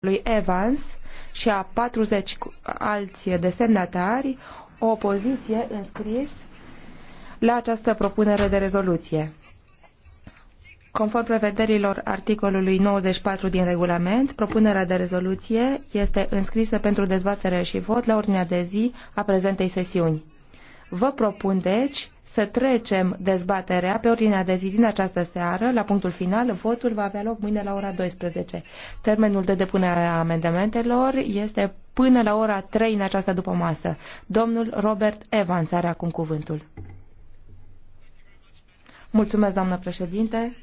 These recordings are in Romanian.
lui Evans și a 40 alți desemnatari o opoziție înscris la această propunere de rezoluție. Conform prevederilor articolului 94 din regulament, propunerea de rezoluție este înscrisă pentru dezbatere și vot la ordinea de zi a prezentei sesiuni. Vă propun, deci, să trecem dezbaterea pe ordinea de zi din această seară. La punctul final, votul va avea loc mâine la ora 12. Termenul de depunere a amendamentelor este până la ora 3 în această dupămasă. Domnul Robert Evans are acum cuvântul. Mulțumesc, doamnă președinte.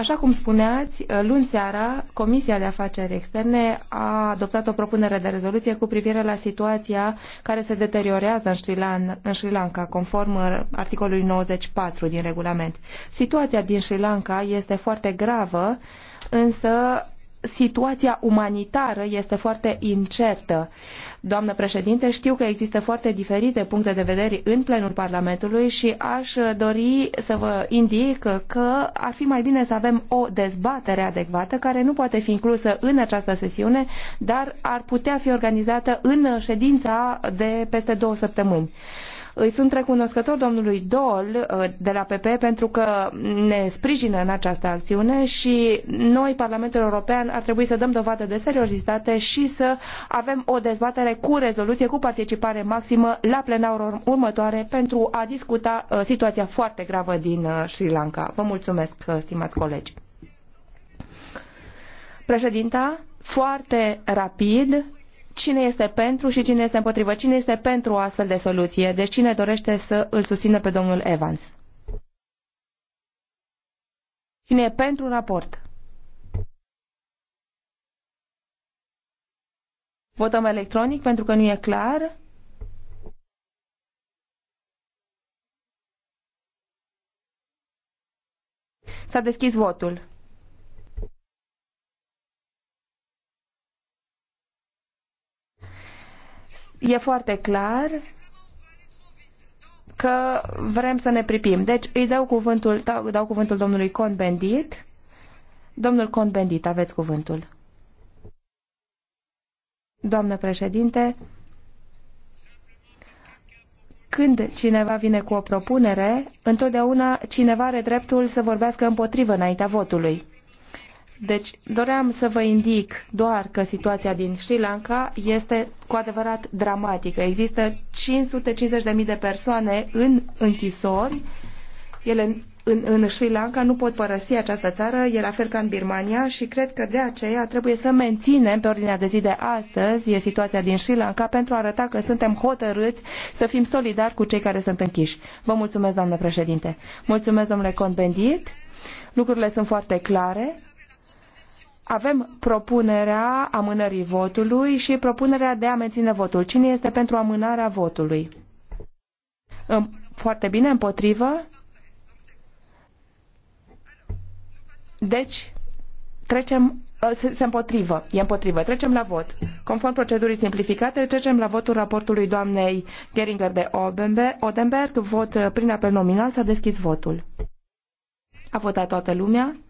Așa cum spuneați, uh, luni seara, Comisia de Afaceri Externe a adoptat o propunere de rezoluție cu privire la situația care se deteriorează în Sri Lanka, în Sri Lanka conform uh, articolului 94 din regulament. Situația din Sri Lanka este foarte gravă, însă situația umanitară este foarte incertă. Doamnă președinte, știu că există foarte diferite puncte de vedere în plenul Parlamentului și aș dori să vă indic că ar fi mai bine să avem o dezbatere adecvată care nu poate fi inclusă în această sesiune, dar ar putea fi organizată în ședința de peste două săptămâni. Îi sunt recunoscător domnului Dol uh, de la PP pentru că ne sprijină în această acțiune și noi, Parlamentul European, ar trebui să dăm dovadă de seriozitate și să avem o dezbatere cu rezoluție, cu participare maximă la plenarul următoare pentru a discuta uh, situația foarte gravă din uh, Sri Lanka. Vă mulțumesc, stimați colegi. Președinta, foarte rapid, cine este pentru și cine este împotrivă, cine este pentru o astfel de soluție, deci cine dorește să îl susțină pe domnul Evans. Cine e pentru raport? Votăm electronic pentru că nu e clar. S-a deschis votul. e foarte clar că vrem să ne pripim. Deci îi dau cuvântul, dau, dau cuvântul domnului Con Bendit. Domnul Con Bendit, aveți cuvântul. Doamnă președinte, când cineva vine cu o propunere, întotdeauna cineva are dreptul să vorbească împotrivă înaintea votului. Deci doream să vă indic doar că situația din Sri Lanka este cu adevărat dramatică. Există 550.000 de persoane în închisori. Ele în, în Sri Lanka nu pot părăsi această țară, e la fel ca în Birmania și cred că de aceea trebuie să menținem pe ordinea de zi de astăzi e situația din Sri Lanka pentru a arăta că suntem hotărâți să fim solidari cu cei care sunt închiși. Vă mulțumesc, doamnă președinte. Mulțumesc, domnule Convendit. Lucrurile sunt foarte clare avem propunerea amânării votului și propunerea de a menține votul. Cine este pentru amânarea votului? Foarte bine, împotrivă. Deci, trecem, ă, se, împotrivă, e împotrivă. Trecem la vot. Conform procedurii simplificate, trecem la votul raportului doamnei Geringer de Odenberg. Vot ă, prin apel nominal, s-a deschis votul. A votat toată lumea.